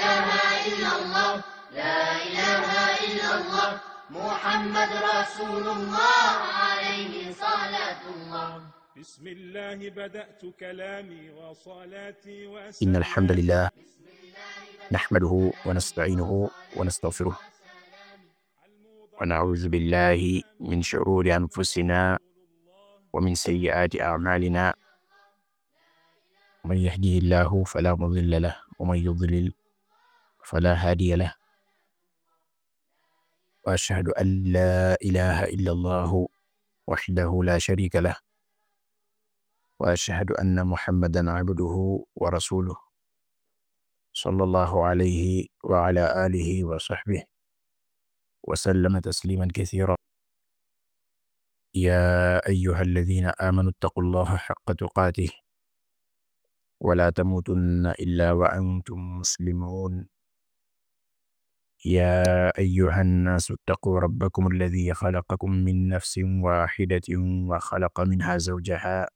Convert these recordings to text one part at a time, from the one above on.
إله إلا الله لا إله إلا الله محمد رسول الله عليه صلاة الله بسم الله بدأت كلامي وصلاتي وأسلامي إن الحمد لله نحمده ونستعينه ونستغفره ونعوذ بالله من شرور أنفسنا ومن سيئات أعمالنا من يهديه الله فلا مضل له ومن يضلل فلا هادي له وأشهد أن لا إله إلا الله وحده لا شريك له وأشهد أن محمدا عبده ورسوله صلى الله عليه وعلى آله وصحبه وسلم تسليما كثيرا يا أيها الذين آمنوا اتقوا الله حق تقاته ولا تموتن إلا وأنتم مسلمون يا أيها الناس اتقوا ربكم الذي خلقكم من نفس واحدة وخلق منها زوجها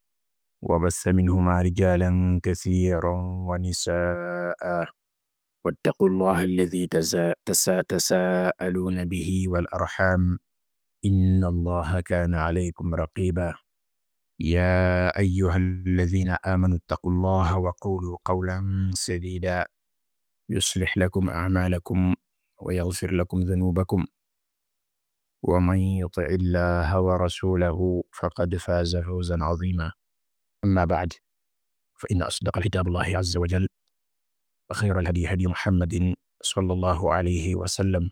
وبث منهما رجالا كثيرا ونساء واتقوا الله الذي تسا تساءلون به والأرحام إن الله كان عليكم رقيبا يا أيها الذين آمنوا اتقوا الله وقولوا قولا سديدا يصلح لكم أعمالكم ويغفر لكم ذنوبكم ومن يطع الله ورسوله فقد فاز فوزا عظيما أما بعد فإن أصدق كتاب الله عز وجل وخير الهدي هدي محمد صلى الله عليه وسلم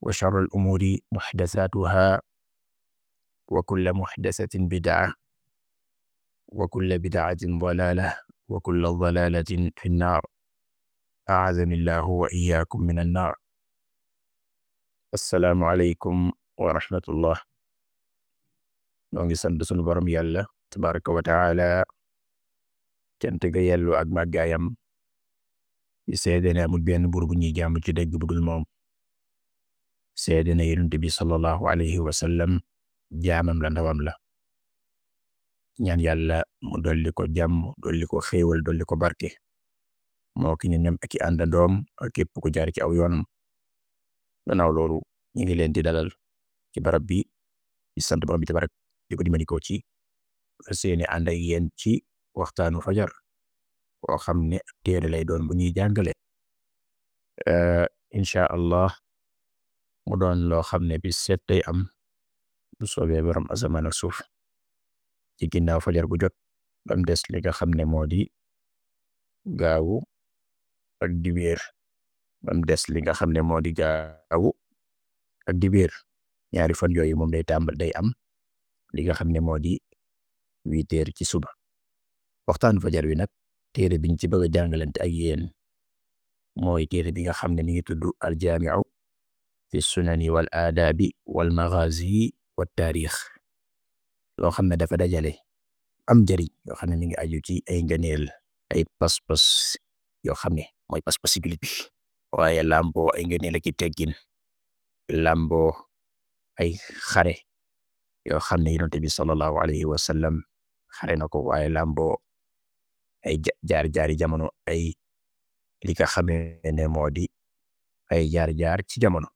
وشر الأمور محدثاتها وكل محدثة بدعة وكل بدعة ضلالة وكل ضلالة في النار aadani llahu wa iyaakum min annaar assalaamu aleykum wa rahmatullah ñoo ngi sant sunu borom yàlla tabaraka wa taala cant ga yellu ak màggaayam di seede ne amul benn buur bu ñuy jaamu ci dëgg bu dul moom seede ne alayhi wa sallam la ndawam la ñaan yàlla mu dolli ko jàmm dolli ko barke moo ki ñu ñam ak i àndandoom ak képp ku jaar ci aw yoonam gannaaw loolu ñu ngi leen di dalal ci barab bi di sant borom bi tabarak ko ci seeni ànd ak yéen ci waxtaanu fajar koo xam ne ab téere lay doon bu ñuy jàngale eh, incha allah mu doon loo xam ne bi seet day am bu soobee borom asamaan ak suuf ci ginnaaw fajar gu jot des li nga xam ne moo di gaawu ak dibeer bam des li nga xam ne moo di gaawu ak dibeer ñaari fan yooyu moom day tàmbal day am li nga xam ne moo di huit heures ci suba waxtaanu fajar wi nag téere biñ ci bëgg a jàngalante ak yéen mooy téere bi nga xam ne mi ngi tudd aljaamiu fi sunani wal aadaabi wal magaazi wa taarix loo xam ne dafa dajale am njëriñ yoo xam ne mi ngi aju ci ay ngëneel ay pas-pas yoo xam mooy pas-pas jullit bi waaye làmboo ay ngëneel ak i teggin ay xare yoo xam ne yonent bi sallallahu alayhi wa sallam xare na ko waaye làmboo ay jaar-jaari jamono ay li nga xamee ne moo di ay jaar-jaar ci jamono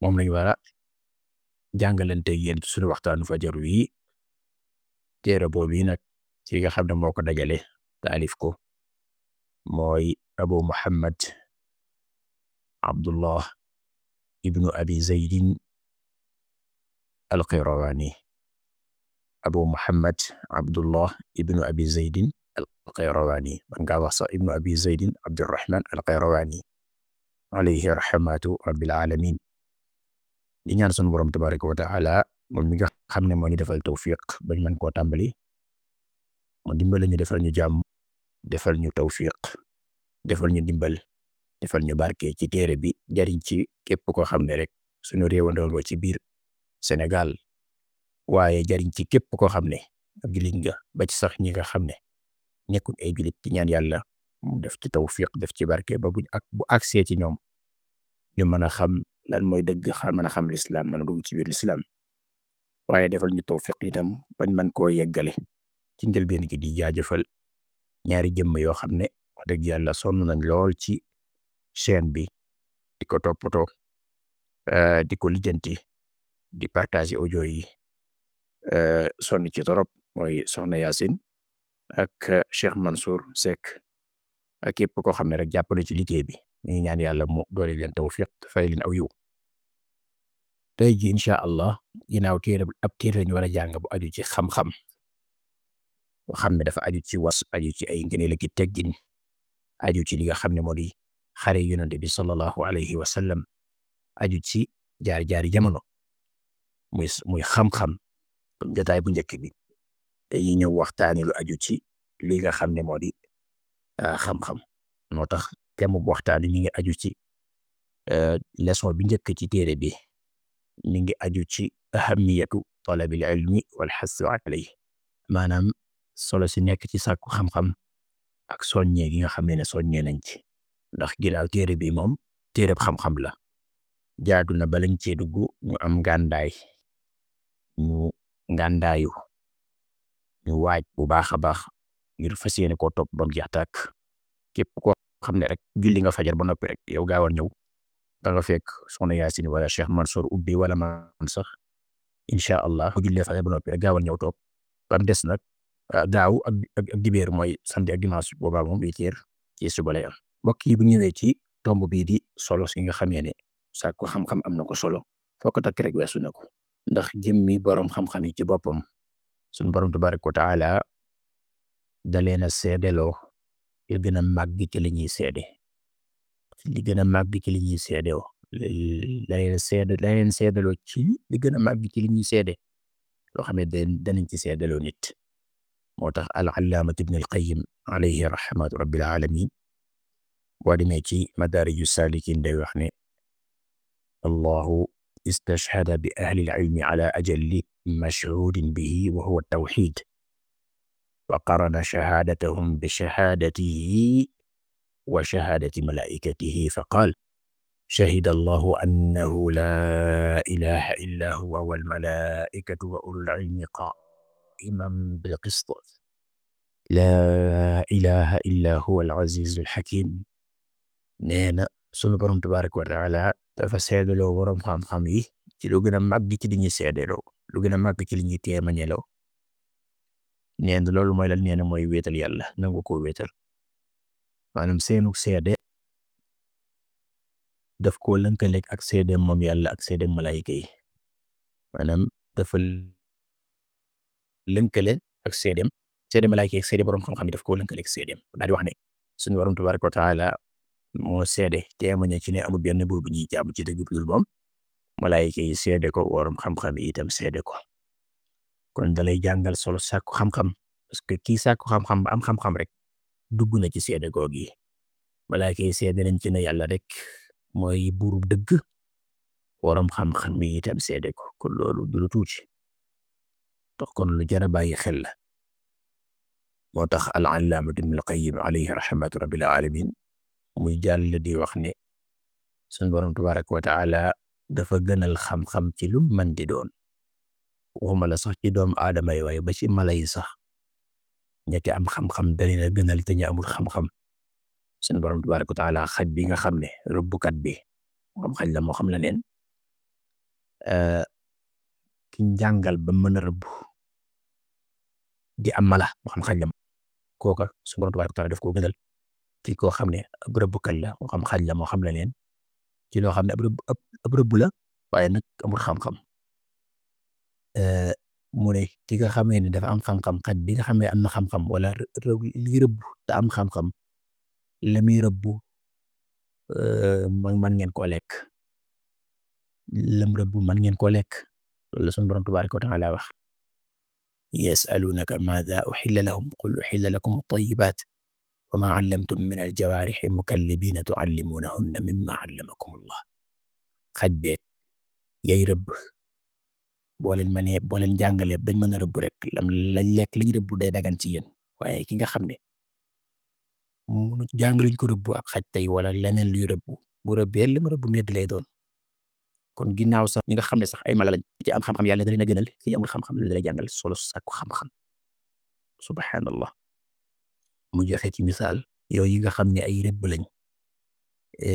moom lañu wara jàngalante yéen suñu waxtaanu fajar wi téere boobu nag ci nga xam ne moo ko dajale taalif ko mooy abu muhammad abdullah ibnu abi zeydin alqayrawaani abu muhammad abdullah ibnu abi zeydin alqayrawaani man ngaa wax sax ibnu abi zeydin abdirahman alqayrawaani alayhi rahmatu rabbil alamin di ñaan sunu borom tabaraka wa taala moom mi nga xam ne moo ñu defal tawfiq bañ mën koo tàmbali mu dimbali ñu defal ñu jàmm defal ñu tawfiq defal ñu ndimbal defal ñu barke ci téere bi jariñ ci képp koo xam ne rek suñu réewandoo nga ci biir Sénégal waaye jariñ ci képp koo xam ne ab julit nga ba ci sax ñi nga xam ne nekkul ay julit ci ñaan yàlla mu def ci tawfiq def ci barke ba buñ ak bu agsee ci ñoom ñu mën a xam lan mooy dëgg xam mën a xam lislaam mën a dugg ci biir lislaam waaye defal ñu tawfiq itam bañ mën koo yeggale ci njëlbeen ñaari jëmm yoo xam ne wax dëgg yàlla sonn nañ lool ci chaîne bi di ko toppatoo eh, di ko lijjanti di partager audio yi eh, sonn ci torop mooy soxna Yacine ak eh, Cheikh Mansour Seck ak képp koo xam ne rek jàppale ci liggéey bi ñu ñaan yàlla mu doole leen tawfiq fay leen aw yiw tey ji incha allah ginnaaw téere ab téere lañu war a jàng bu ci xam-xam boo xam ne dafa aju ci was aju ci ay ngëneel ki teggin aju ci li nga xam ne moo di xare yonent bi sallallahu alayhi wa sallam aju ci jaar-jaari jamono muy muy xam-xam jotaay bu njëkk bi dañuy ñëw waxtaani lu aju ci li nga xam ne moo di ah, xam moo tax thème bu waxtaani mi ngi aju ci ah, leçon bi njëkk ci téere bi mi ngi aju ci ahamiyatu talabil ilmi wal xassu alayhi maanaam solo si nekk ci sàkku xam-xam ak soññee gi nga xam ne ne soññee nañ ci ndax ginaaw téere bi moom téereb xam la jaadu na balañ cee dugg ñu am ngàndaay ñu ngàndaayu ñu waaj bu baax a baax ngir fas yéene koo topp bam jeex tàkk képp koo xam ne rek julli nga fajar ba noppi rek yow gaawal ñëw da nga fekk soxna Yaasin wala Cheikh Mansour ubbi wala man sax incha allah bu jullee fajar ba noppi rek gaawal ñëw toog bam des nag daaw ak ak dibeer mooy samedi ak dimanche boobaa moom wéeteer ci suba lay am mbokk yi bu ñëwee ci tomb bii di solo si nga xamee ne sàkku xam-xam am na ko solo foo ko takk rek weesu na ko ndax jëmmi boroom xam-xam yi ci boppam suñ boroom tabaraka wa taala da leen a seedeloo li gën a màgg ci li ñuy seede li gën a màgg ci li ñuy seedoo la leen ci li gën a màgg ci li ñuy seede loo xam danañ ci seedeloo nit moo tax al allaamat ibn al qayyim alayhi rahmatu rabbil alamin boo demee ci madaariju saalikin day wax ne allahu istashhada bi ahli al ilmi ala ajalli mashhudin bihi wa huwa tawxid wa qarana shahaadatahum bi shahaadatihi wa shahaadati malaa'ikatihi fa qaal shahida allahu annahu laa ilaaha illaa huwa wal malaa'ikatu wa ulul ilmi qaa'ima الإمام بالقسط laa ilaha illa huwa al azizul hakim nee na sunu borom tabaraka wa taala dafa seedaloo borom xam-xam yi ci lu gën a màgg ci li ñuy seedaloo lu gën a màgg ci li ñuy téemañeloo nee na loolu mooy lan nee na mooy wéetal yàlla nangu ko wéetal maanaam seenu seede daf koo lënkaleeg ak seede moom yàlla ak seede malaayika yi maanaam dafal lënkale ak seedeem seede malaaka ak seede borom xam-xam def ko koo lënkale ak seedeem daal di wax ne suñu borom tabaaraka wa moo seede témoigné ci ne amul benn buur bu ñuy jaamu ci dëgg dul moom malaaka yi seede ko borom xam-xam yi itam seede ko kon dalay jàngal solo sàkku xam parce que kii sàkku xam ba am xam-xam rek dugg na ci seede googu yi malaaka yi seede nañ ci ne yàlla rek mooy buurub dëgg borom xam-xam itam seede ko kon loolu tuuti te kon lu jar a bàyyi xel la moo tax al-allaamatu ibnul qayyim alayhi rahmatu rabbil alamin muy jàll di wax ne sunu borom tabaraka wa taala dafa gënal xam-xam ci lu mën doon waxuma la sax ci doomu aadama yi waaye ba ci mala yi sax ña ca am xam-xam dalee na gënal te ña amul xam-xam sunu borom tabaraka wa taala nga xam ne rëbbukat bi moom xaj la moo xam la neen ki njàngal ba mën a rëbb di am mala boo xam xaj la kooka su borom tabaaraka wa taala daf koo gënal ci koo xam ne ab rëbbkat la moo xam xaj la moo xam la leen ci loo xam ne ab rëbb la waaye nag amul xam mu ne ki nga xamee ne dafa am xam-xam xaj bi nga xamee am na xam-xam wala li rëbb am xam-xam la muy rëbb man ngeen koo lekk lam rëbb man ngeen koo lekk loolu la sunu borom tabaaraka wa taala wax يسألونك ماذا أحل لهم قل أحل لكم الطيبات وما علمتم من الجوارح مكلبين تعلمونهن مما علمكم Allah xaj beeg yay rëbb boo leen mënee boo leen jàngalee dañ mën a rëbb rek lam lañ lekk liñ rëbb day dagan ci yéen waaye ki nga xam ne munu jàng liñ ko rëbb ak xaj tey wala leneen luy rëbb bu rëbbee lim rëbb medd lay doon kon ginnaaw sax ñi nga xam ne sax ay mala lañ ci am xam yàlla da leen a gënal ci amul xam-xam la solo sàkku xam-xam mu joxe ci misaal yooyu yi nga xam ne ay rëbb lañ e,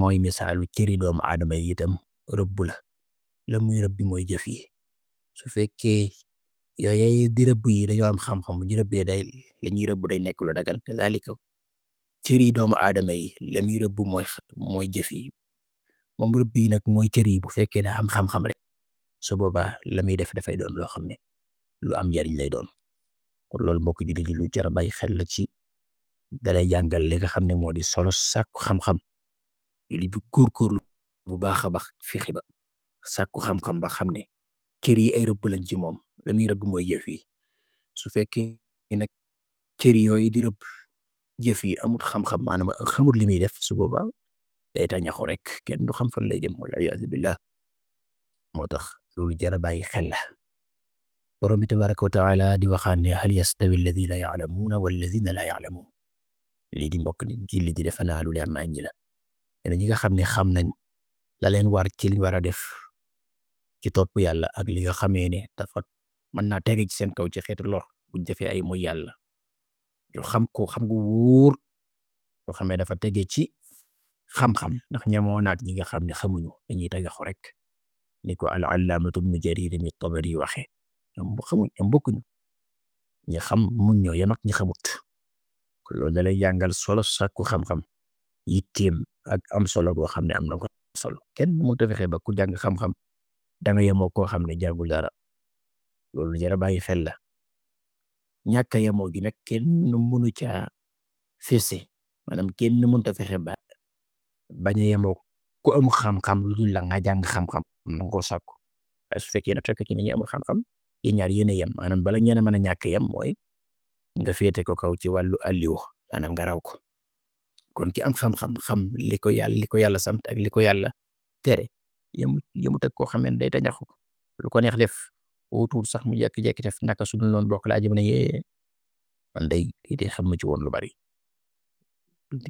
mooy misaalu cëri doomu aadama yi itam rëbb la la muy rëbb bi mooy jëf yi su fekkee yooyu di rëbb yi dañoo am xam-xam bu ñu rëbbee day la ñuy rëbb day nekk lu dagal doomu aadama yi la muy rëbb mooy jëf yi moom rëbb yi nag mooy cër yi bu fekkee daa am xam-xam rek su boobaa la muy def dafay doon loo xam ne lu am njariñ lay doon kon loolu mbokk jullit yi lu jar a bàyyi xel la ci dalay jàngal li nga xam ne moo di solo sàkku xam-xam li bi góorgóorlu bu baax a baax fexe ba sàkku xam-xam ba xam ne cër yi ay rëbb lañ ci moom la muy rëbb mooy jëf yi su fekkee nag cër yooyu di rëbb jëf yi amul xam-xam xamul li muy def su boobaa day tax ñaxu rek kenn du xam fan lay jëm wal billah moo tax loolu jar a bàyyi xel la borom bi tabaraka wa taala di waxaan ne hal yastawi alladina yaalamuuna walladina laa yaalamuun lii di mbokk ni ji li di defe naa lu naa ñi la ene ñi nga xam ne xam nañ la leen war ci li war a def ci topp yàlla ak li nga xamee ne dafa mën naa tege ci seen kaw ci xeetu lor buñ defee ay mooy yàlla ñu xam ko xam gu wóor loo dafa tege xam-xam ndax ñamoo naat ñi nga xam ne xamuñu dañuy tagaxu rek ni ko al allaamatu ibnu jarir mi tabari waxe ñoom xamuñ ñoom bokkuñu ñi xam mun ñoo yem ak ñi xamut kon jàngal solo sàkku xam-xam yitteem ak am solo boo xam ne am na ko solo kenn mënut a fexe ba ku jàng xam-xam da nga yemoo koo xam ne jàngul dara loolu jara bàyyi xel la ñàkk a gi nag kenn mënu caa fese kenn mënut a fexe ba bañ a yemoo ku amul xam-xam lu dul la nga jàng xam-xam na nga koo sàkku waaye su fekkee nag fekk ci ni ñu xam-xam yéen ñaar yéen a yem bala ngeen a mën a ñàkk yem mooy nga féete ko kaw ci wàllu àlliwo maanaam nga raw ko kon ki am xam-xam xam li ko yàlla li ko yàlla sant ak li ko yàlla tere yemu yemut ak koo xam ne day tañaxu lu ko neex def wutul sax mu jékki-jékki def naka suñu loon bokk laa jëm ne yee man day day ci woon lu bari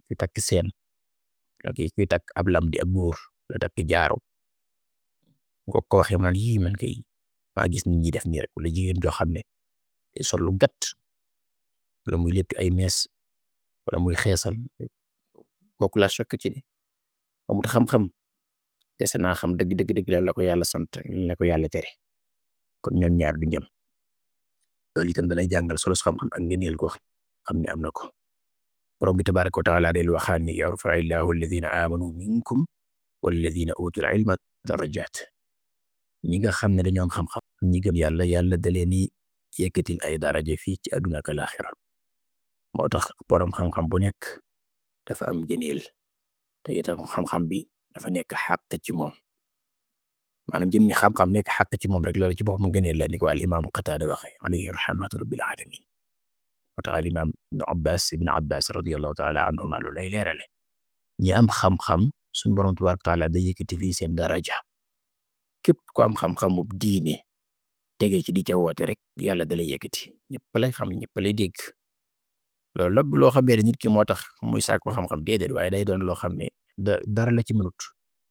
di takk seen ak kuy takk ab lam di ab góor wala takk jaaru bu ko ko waxee mu naan kay maa gis nit ñi def nii wala jigéen joo xam ne day sol lu gàtt wala muy létt ay mes wala muy xeesal kooku la sokk ci ne amul xam-xam dese naa xam dëgg dëgg dëgg la ko yàlla sant la ko yàlla tere kon ñoom ñaar du ñam loolu itam dalay jàngal solo xam-xam yel ko xam ne am na ko borom bi tabaaraka wa taala del waxaan ni yarfa illaahu alladina aamanu minkum walladina utul ilma darajaat ñi nga xam ne dañoo am xam-xam ñi gëm yàlla yàlla da leen di ay daraja fii ci àdduna ak laaxira moo tax borom xam bu nekk dafa am gëneel te itam xam-xam bi dafa nekk xàq ci moom maanaam jëm ni xam-xam nekk xàq ci moom rek la ni ko al imaam Qataada waxee alayhi rahmatu rabbil alamin tax alimaam ibnu abbas ibnu abbas radiallahu taala anhuma lu lay leerale ñi am xam-xam suñu borom tabaraka taala da yëkkati fii seen daraja képp ku am xam-xamu diine tegee ci di ca woote rek yàlla da lay yëkkati ñëpp lay xam ñëpp lay dégg loolu lépp loo xam moo tax muy sàkku xam-xam déedéet waaye day doon loo xam ne dara la ci mënut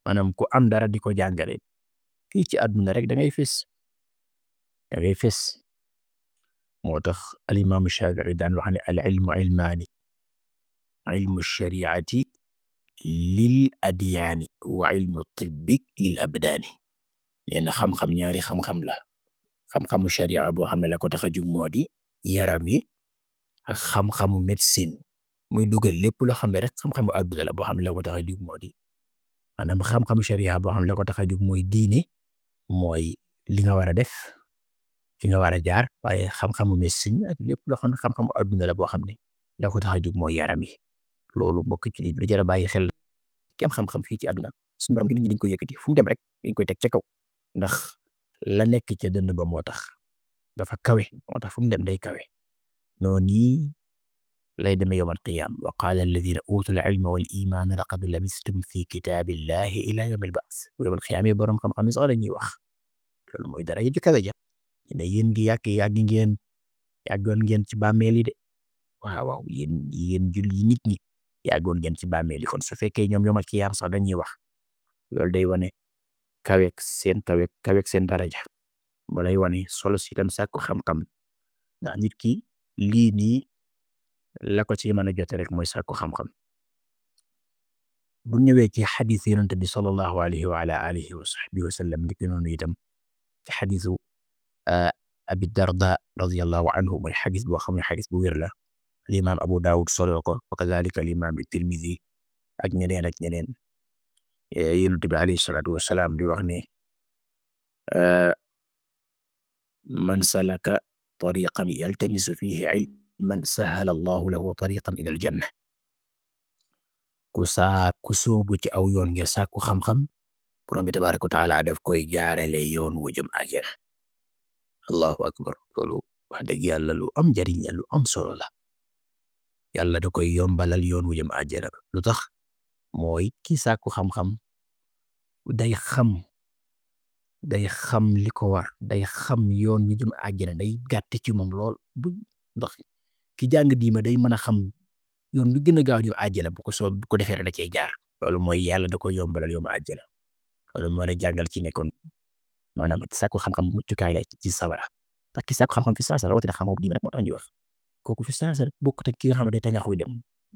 maanaam ku am dara di ko jàngale fii ci àdduna rek da ngay fés da moo tax alimaamu Shaafi'i daan wax ne al ilmu ilmaani ilmu shariati lil adyaani wa ilmu tibbi lil abdaani nee na xam ñaari xam la xam-xamu sharia boo xam ne la ko tax a jug moo di yaram yi ak xam-xamu médecine muy dugal lépp loo xam ne rek xam-xamu la boo xam ne la ko tax moo di maanaam xam-xamu sharia boo xam ne la ko tax a jug mooy diine mooy li nga war a def fi nga war a jaar waaye xam-xamu médecine ak lépp loo xam ne xam-xamu adduna la boo xam ne la ko tax a jóg mooy yaram yi loolu mbokk ci lu jar a bàyyi xel ki am xam-xam fii ci àdduna suñu borom gi dañ koy yëkkati fu mu dem rek dañ koy teg ca kaw ndax la nekk ca dënd ba moo tax dafa kawe moo tax fu mu dem day kawe noonu lay demee yowmal qiyaam wa qaala alladina utul ilma wal imaana laqad labistum fi kitaabillahi ila yowmil baas yowmal qiyaam yi borom xam-xam yi sax la ñuy wax loolu mooy dara ne yéen gi yàgg yàgg ngeen yàggoon ngeen ci bàmmeel yi de waaw waaw yéen yéen jul yi nit ñi yàggoon gen ci bàmmeel yi kon su fekkee ñoom yomal kiyaam sax dañuy wax loolu day wane eh. kaweeg seen kaweeg kaweeg seen daraja moo lay wane eh. solo si itam sàkku xam-xam ndax nit ki lii nii la ko ci mën a jote rek mooy sàkku xam-xam bu ñëwee ci xadiis yonente bi sallallahu alayhi wa ala alihi wa sahbihi wa sallam abi darda radiallahu anhu mooy xadis boo xam ne xadis bu wér la limaam abu daawud solo ko wa kadalika limaam tirmidi ak ñeneen ak ñeneen yonent bi alayhi salaatu wasalaam di wax ne man salaka tariqan yaltamisu fihi ilman sahala allahu lahu tariqan ila aljanna ku saa ku sóobu ci aw yoon ngir sàkku xam-xam borom bi tabaraka wa taala daf koy jaarale yoon wu jëm àjjana allahu akbar loolu wax dëgg yàlla lu am njariñ la lu am solo la yàlla da koy yombalal yoon wu jëm àjjana lu tax mooy ki sàkku xam day xam day xam li ko war day xam yoon wu jëm àjjana day gàtte ci moom lool bu ndax ki jàng diima day mën a xam yoon bi gën a gaaw jëm àjjana bu ko soo bu ko defee da cey jaar loolu mooy yàlla da koy yombalal yoom àjjana loolu moo ci nekkoon maanaam sàkku xam-xam muccukaay la ci sawara ndax ki sàkku xam rawatina xam-xam diine nag moo tax ñuy wax kooku fi saasa bokkut ne day tànga xuy dem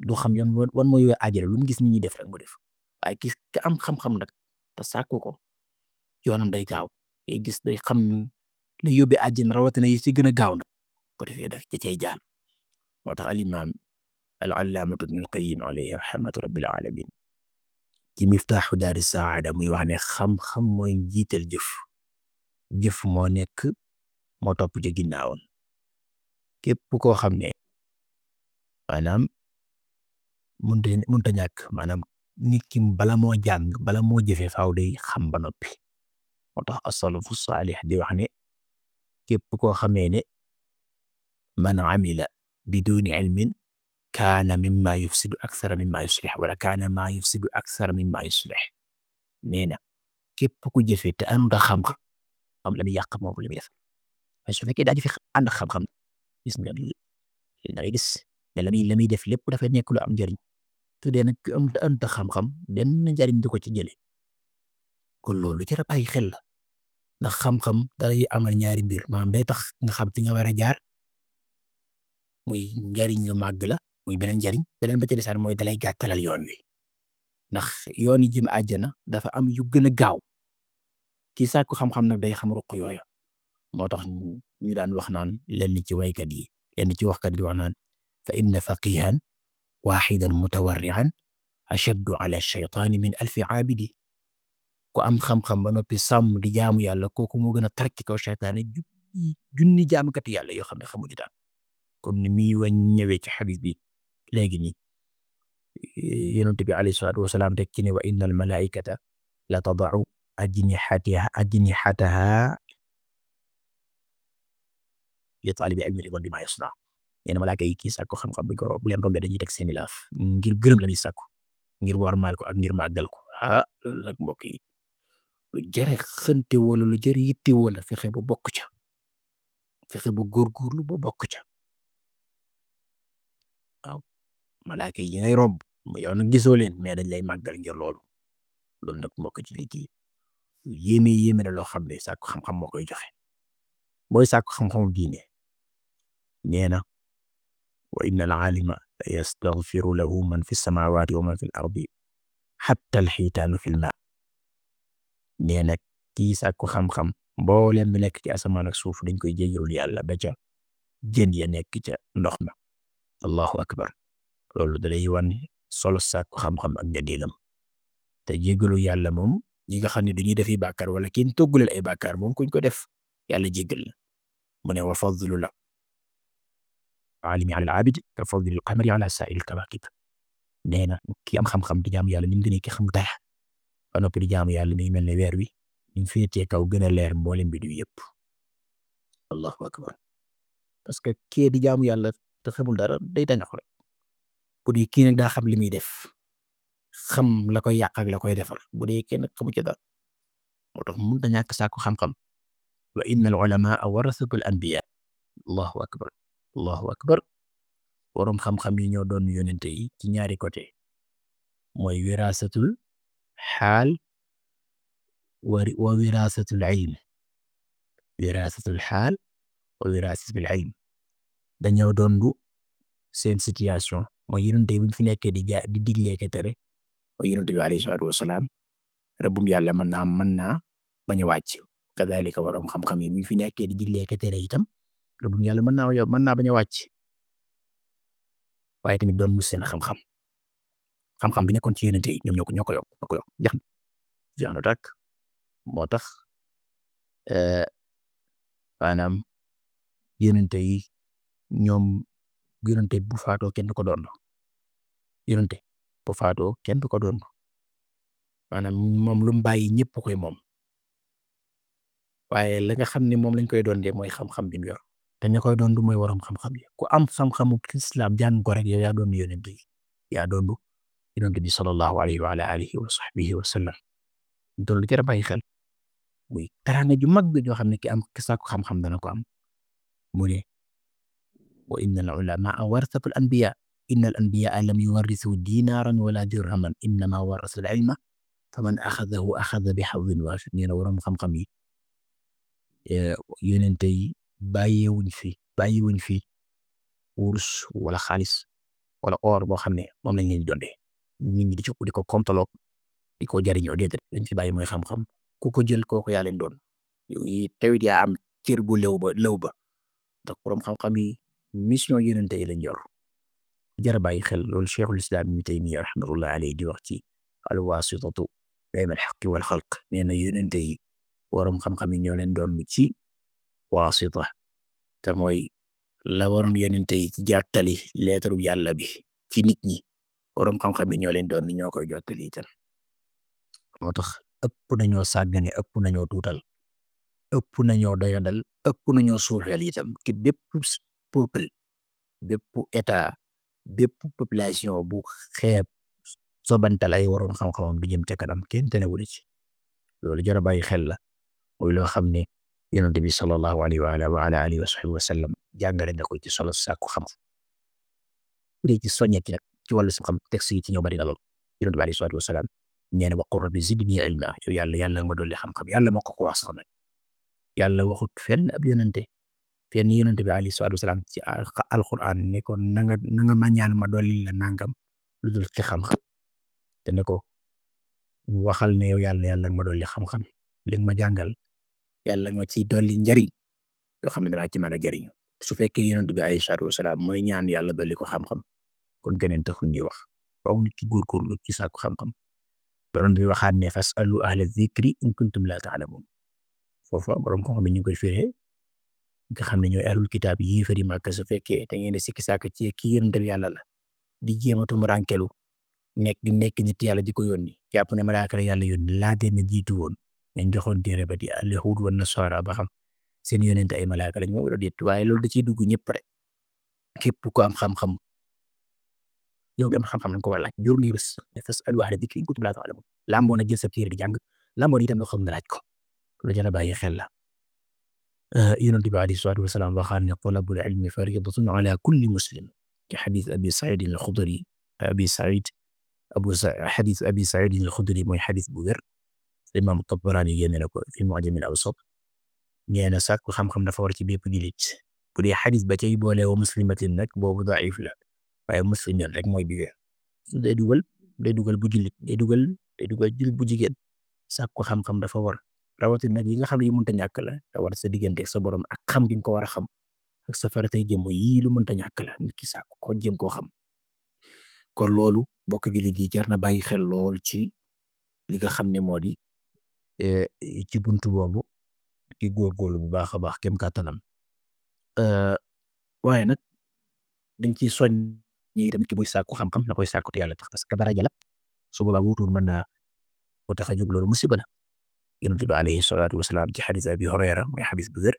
du xam yoon wan mooy ajjale lu mu gis nit ñi def am xam-xam nag te sàkku ko yoonam day gaaw day gis day xam la yóbbee àjjana rawatina yi si gën a gaaw nag ko defee daf ci cay jaar moo tax al imaam al allaamatu ibnul qayyim alayhi rahmatu rabbil alamin ci miftaaxu daari saada muy wax ne xam-xam mooy jiital jëf jëf moo nekk moo topp ca ginnaawam képp koo xam ne maanaam mënta mënta ñàkk maanaam nit ki bala moo jàng bala moo jëfe faaw day xam ba noppi moo tax asalafu saalix di wax ne képp koo xamee ne man amila biduni ilmin kaana mimma yufsidu aksara mimma yuslix wala kaana ma yufsidu aksara mimma yuslix nee na képp ku jëfe te am xam la muy yàq moom la muy def waaye su fekkee daa fi ànd ak xam-xam gis nga da ngay gis ne la muy la muy def lépp dafay nekk lu am njëriñ te dee nag am ànd ak xam ko ci jëlee kon loolu jar a bàyyi xel la ndax xam-xam dalay amal ñaari mbir maanaam day tax nga xam fi nga war a jaar muy njariñ lu màgg la muy beneen njariñ beneen ba ci desaan mooy dalay gàttalal yoon wi ndax yoon yi jëm àjjana dafa am yu gën a gaaw ki sàkku xam-xam nag day xam ruq yooya moo tax ñu daan wax naan lenn ci waykat yi lenn ci waxkat yi wax naan fa inna faqihan waaxidan mutawarrian ashaddu ala shaytaani min alfi aabidi ku am xam-xam ba noppi sàmm di jaamu yàlla kooku moo gën a tar ci kaw shaytaani junni jaamukati yàlla yoo xam ne xamuñu daan comme ni muy wañ ñëwee ci xadis bi léegi nii yonent bi alayhi salaatu wasalaam ci ne wa inna almalaikata la ajnihatiha ajnihataha li taalibi ilmi ridan bima yasna nee na malaaka yi kii sako xam-xam buñ ko bu leen rombee dañuy teg seeni laaf ngir gërëm lañuy sàkku ngir warmaal ko ak ngir màggal ko ah loolu nag mbokk yi lu jare xënte wala lu jare yitte wala fexe ba bokk ca fexe ba góorgóorlu ba bokk ca waaw malaaka yi ngay romb yow nag gisoo leen mais dañ lay màggal ngir loolu loolu nag mbokk ci yéeme yéeme la loo xam ne sàkku xam moo koy joxe mooy sàkku xam-xamu diine na wa inna al aalima la yastaghfiru lahu man fi samawati wa man fi l ardi xatta al xiitaanu fi l maa nee na kii sàkku xam-xam mboolem nekk ci asamaan suuf dañ koy jéggalul yàlla ba ca jën ya nekk ca ndox ma allahu akbar loolu dalay wan solo sàkku xam-xam ak njadiilam te jéggalu yàlla ñi nga xam ne dañuy defi bàkkaar wala kenn togguleen ay bàkkaar moom kuñ ko def yàlla jéggal la mu ne wa fadlu la alimi ala al-abidi ka fadli al-qamari ala saa'iri al-kawaakib nee na ki am di jaam yàlla ni mu gënee ki xam dara ba noppi di jaam yàlla mi mel ne weer wi ni mu féetee kaw gën a leer mboolem bi du yëpp allahu akbar parce que kii di jaamu yàlla te xamul dara day tànn xool ku li muy def xam la koy yàq ak la koy defar bu dee kenn xamu ci dara moo tax mënta ñàkk sàkku xam-xam wa inna al ulamaa warasatu al anbiya allahu akbar allahu akbar boroom xam-xam yi ñoo doon yonente yi ci ñaari côté mooy wiraasatul xaal wa wiraasatul ilm wiraasatul xaal wa wiraasatul ilm dañoo doon du seen situation mooy yonente yi bu ñu fi nekkee di ja di tere yonent bi alayhi salaatu wasalaam rëbbum yàlla mën naa mën naa bañ a wàcc kadalika waroom xam-xam yi buñ fi nekkee di diglee ka tere itam rëbbum yàlla mën naa mën naa bañ a wàcc waaye tamit doon mu seen xam-xam xam-xam bi nekkoon ci yonent yi ñoom ñoo ko ñoo ko yokk ñoo ko yokk jax jax na tàkk moo tax maanaam yonent yi ñoom yonent bu faatoo kenn ko doon yonent bu faatoo kenn du ko doon maanaam moom lu mu bàyyi ñëpp koy moom waaye la nga xam ne moom lañ koy doonde mooy xam-xam bi mu yor te koy doon du mooy waroom xam-xam yi ku am xam-xamu islam jàng ko rek yow ya doon yonent yi yaa doon yonent bi sallallahu alayhi wa ala alihi wa sahbihi wa sallam doon lu jar a bàyyi xel muy teraanga ju mag joo xam ne ki am ki sàkku xam-xam dana ko am mu ne wa inna al ulama warasatul anbiya inna al anbiyaa lam yuwarrisu dinaaran wala dirhaman innama warasu al ilma fa man axadahu axada bi xadin waafir nee na waroon xam-xam yi eh, yonente yi bàyyiwuñ fi bàyyiwuñ fi wala xaalis wala or boo xam ne moom lañ leen di dondee nit di ko komtaloog di ko jariñoo déedéet lañ bàyyi mooy xam ku ko jël kooku doon yow am cër bu lew ba lew ba ndax boroom xam-xam yi mission yonente yi lañ jar a bàyyi xel loolu Cheikhul Islaam Ibnu Taymiya rahmatullahi alayhi di wax ci alwaasitatu baynal xaqqi wal xalq nee na yonente yi waroom xam-xam yi ñoo leen doon ci waasita te mooy la waroon yonente yi ci jàttali leetaru yàlla bi ci nit ñi waroom xam-xam yi ñoo leen doon ñoo koy jottali itam moo tax ëpp nañoo sàggane ëpp nañoo tuutal ëpp nañoo doyadal ëpp nañoo suufeel bépp population bu xeeb sobantal ay waroon xam-xamam du jëm te kanam kenn tenewul ci loolu jar a bàyyi xel la muy loo xam ne yonent bi sallallahu alayhi wa ala wa ala alihi wa sahbihi wa sallam jàngale na ko ci solo sàkku xam dee ci soññeeki nag ci wàllu sa xam texte yi ci ñëw bari na lool yonent bi alayhi salaatu wasalaam nee na wa qul rabbi zidni yàlla yàlla nga dolli xam-xam yàlla moo ko ko wax sax nag yàlla waxut fenn ab yonente fenn yonent bi aleyhi salaatu wa salaam ci alxuraan ne ko na nga na nga ma ñaan ma dolli la nangam lu dul ci xam-xam te ne ko waxal ne yow yàlla yàlla nga ma dolli xam-xam li nga ma jàngal yàlla nga ci dolli njariñ yoo xam ne danaa ci mën a jariñ su fekkee yonent bi aleyhi salaatu mooy ñaan yàlla dolli ko xam-xam kon geneen taxul ñuy wax faaw nit ci góorgóorlu ci sàkku xam-xam borom bi waxaat ne fasalu ahla zikri in kuntum laa ta'lamuun foofa borom ko xam ne ñu ngi nga xam ne ñooy ahlul kitaab yi yéefari Màkka su fekkee da ngeen di sikki sàkk ci kii yonente bi yàlla la di jéem a tumuraankelu nekk di nekk nit yàlla di ko yónni jàpp ne malaaka la yàlla yónni laa deen jiitu woon nañ joxoon téere ba di alyahuud wa ba xam seen yonente ay malaaka lañ wala déet waaye loolu da ciy dugg ñëpp rek képp ko am xam-xam yow mi xam-xam lañ ko war a laaj juróomi bés fas'alu ahla dikri in kuntum laa ta'lamuun na jël sa di jàng làmboo na itam loo xam ne laaj ko yonent bi alayhi salaatu wasalaam waxaan ne talabul ilmi faridatun ala kulli muslim ci xadis abi said al xudri abi said abu xadis abi said al xudri mooy xadis bu wér imaam tabaraani génne na ko fi mu'jam al awsat nee na sàkku xam-xam dafa war ci bépp jullit bu dee xadis ba cay boole wa muslimatin nag boobu daif la waaye muslimin rek mooy bi wér day dugal day dugal bu jullit day dugal day dugal jullit bu jigéen sàkku xam-xam dafa war rawatina nag yi nga xam ne yu mënta ñàkk la te war sa diggante ak sa borom ak xam gi nga ko war a xam ak sa faratay yii lu mënta ñàkk la ki sàkk ko jëm koo xam kon loolu bokk gi di jar na bàyyi xel lool ci li nga xam ne moo di e, ci buntu boobu ci góorgóorlu bu baax a baax kem kàttanam e, waaye nag dañ ciy soñ ñi tamit ki buy sàkku na koy sàkku te yàlla tax parce que dara jàll su boobaa wutul mën naa ko tax a loolu musiba la yonent bi alayhi salaatu wasalaam ci xadis abi hurayra mooy xadis bu wér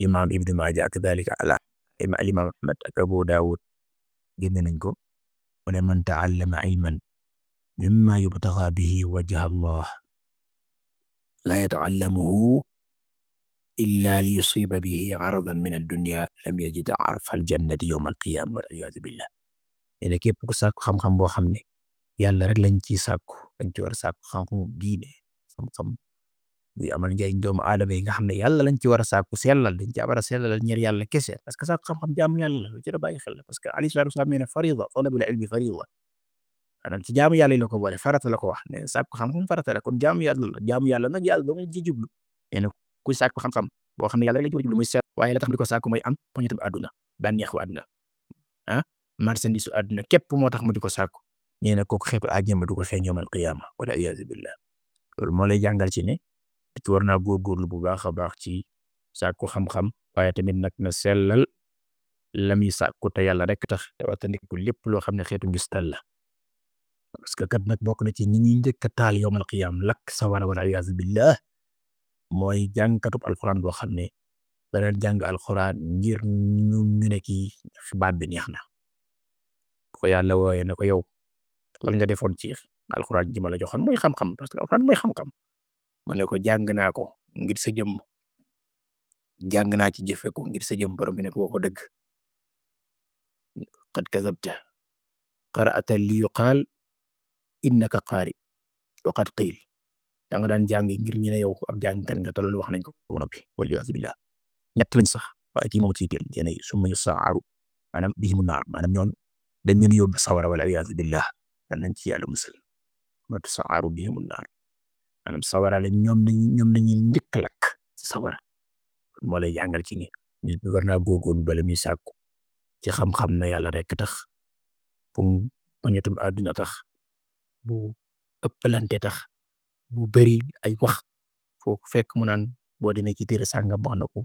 imaam ibnu maaja ak dalika ala alimaam ahmad ak abu daawud génne nañ ko mu ne man taallama ilman mimma yubtaxaa bihi wajha allah laa yataallamuhu illa li yusiba bihi aradan min addunya lam yajid arfa aljannati yowma alqiyaama wal iyaadu billah nee na képp ku sàkku xam-xam boo xam ne yàlla rek lañ ci sàkku dañ ci war a sàkku xam-xam diine xam-xam di amal njariñ doomu aadama yi nga xam ne yàlla a sàkku sellal dañ war a sellal ngir yàlla kese parce que sàkku xam-xam jaamu yàlla la lu jar a bàyyi ko boole farata la ko wax ne sàkku na ku sàkku xam-xam boo xam ne yàlla rek la ci war a jublu muy seet waaye la tax di ko sàkku mooy am poñetam àdduna bànneexu àdduna ah marchandise àdduna képp moo tax mu di ko sàkku nee na kooku xeetu àjjana du ko feeñoomal qiyaama wala iyaazu billah loolu moo lay jàngal ci ne nit war naa góorgóorlu bu baax a baax ci sàkku xam-xam waaye tamit nag na sellal la muy sàkku te yàlla rek tax te lépp loo xam ne xeetu ngistal la parce que kat nag bokk na ci ñi ñuy njëkk a taal yowmal qiyaam lakk sawara wal iyaazu billah mooy jàngkatub alxuraan boo xam ne dana jàng alxuraan ngir ñu ñu ne kii xibaat bi neex na ko yàlla wooye ne ko yow lan nga defoon ci alxuraan ji ma la joxoon mooy xam-xam parce que alxuraan mooy xam ma ko jàng naa ko ngir sa jëm jàng naa ci jëfe ngir sa jëm bi ne ko waxoo dëgg qad kazabta qaraata li yuqaal innaka qaari wa qad qiil da nga daan jàng ngir ñu ne yow ab jàngkat nga te loolu wax nañ ko ba noppi billah ñett lañ sax waaye kii moom ci biir yéen ay summa yusaaru maanaam bihimu naar maanaam ñoon dañ leen yóbbu sawara waliyaadu billah danañ ci yàlla musal ma tusaaru bihimu maanaam sawara la ñoom lañuy ñoom lañuy njëkk lakk ci sawara moo lay jàngal ci ni nit bi war naa góorgóorlu bala ci xam-xam na yàlla rekk tax bu bañatum àdduna tax bu ëppalante tax bu bari ay wax foo fekk mu naan boo demee ci téere sàngam wax na ko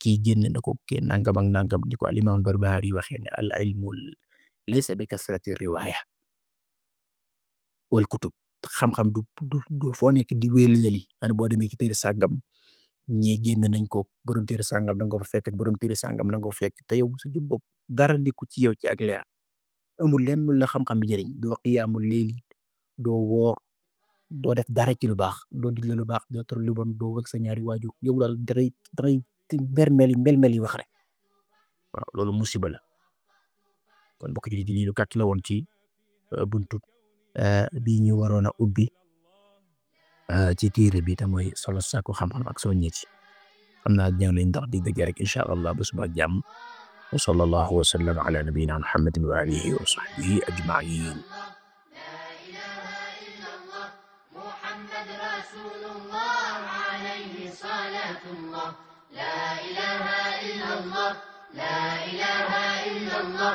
kii génn na ko kii nangam ak nangam di ko al-Imaam Barbaari waxee ne al ilmu laysa bi kasrati riwaaya wal xam-xam du du foo nekk di wéli-wéli boo demee ci téere sàngam ñii génn nañ ko boroom sàngam danga ko fa fekk boroom téere sàngam danga ko fa fekk te yow sa jëm bopp dara nekku ci yow ci ak leer amul lenn lu la xam-xam bi jëriñ doo xiyaamul leeli doo woor doo def dara ci lu baax doo digle lu baax doo tere lu bon doo wëgg sa ñaari waajur yow daal daray daray mbermeli wax rek loolu musiba kon mbokk yi di lii lu gàtt la bi eh, ñu waroon a ubbi eh, ci téere bi te mooy solo sàkku xam-xam ci xam naa ñëw nañ ndax di dëgg rek incha allah ba suba jàmm wa sallallahu wa sallam ala nabiyina muhammadin wa alihi wa sahbihi ajmain لا إله إلا الله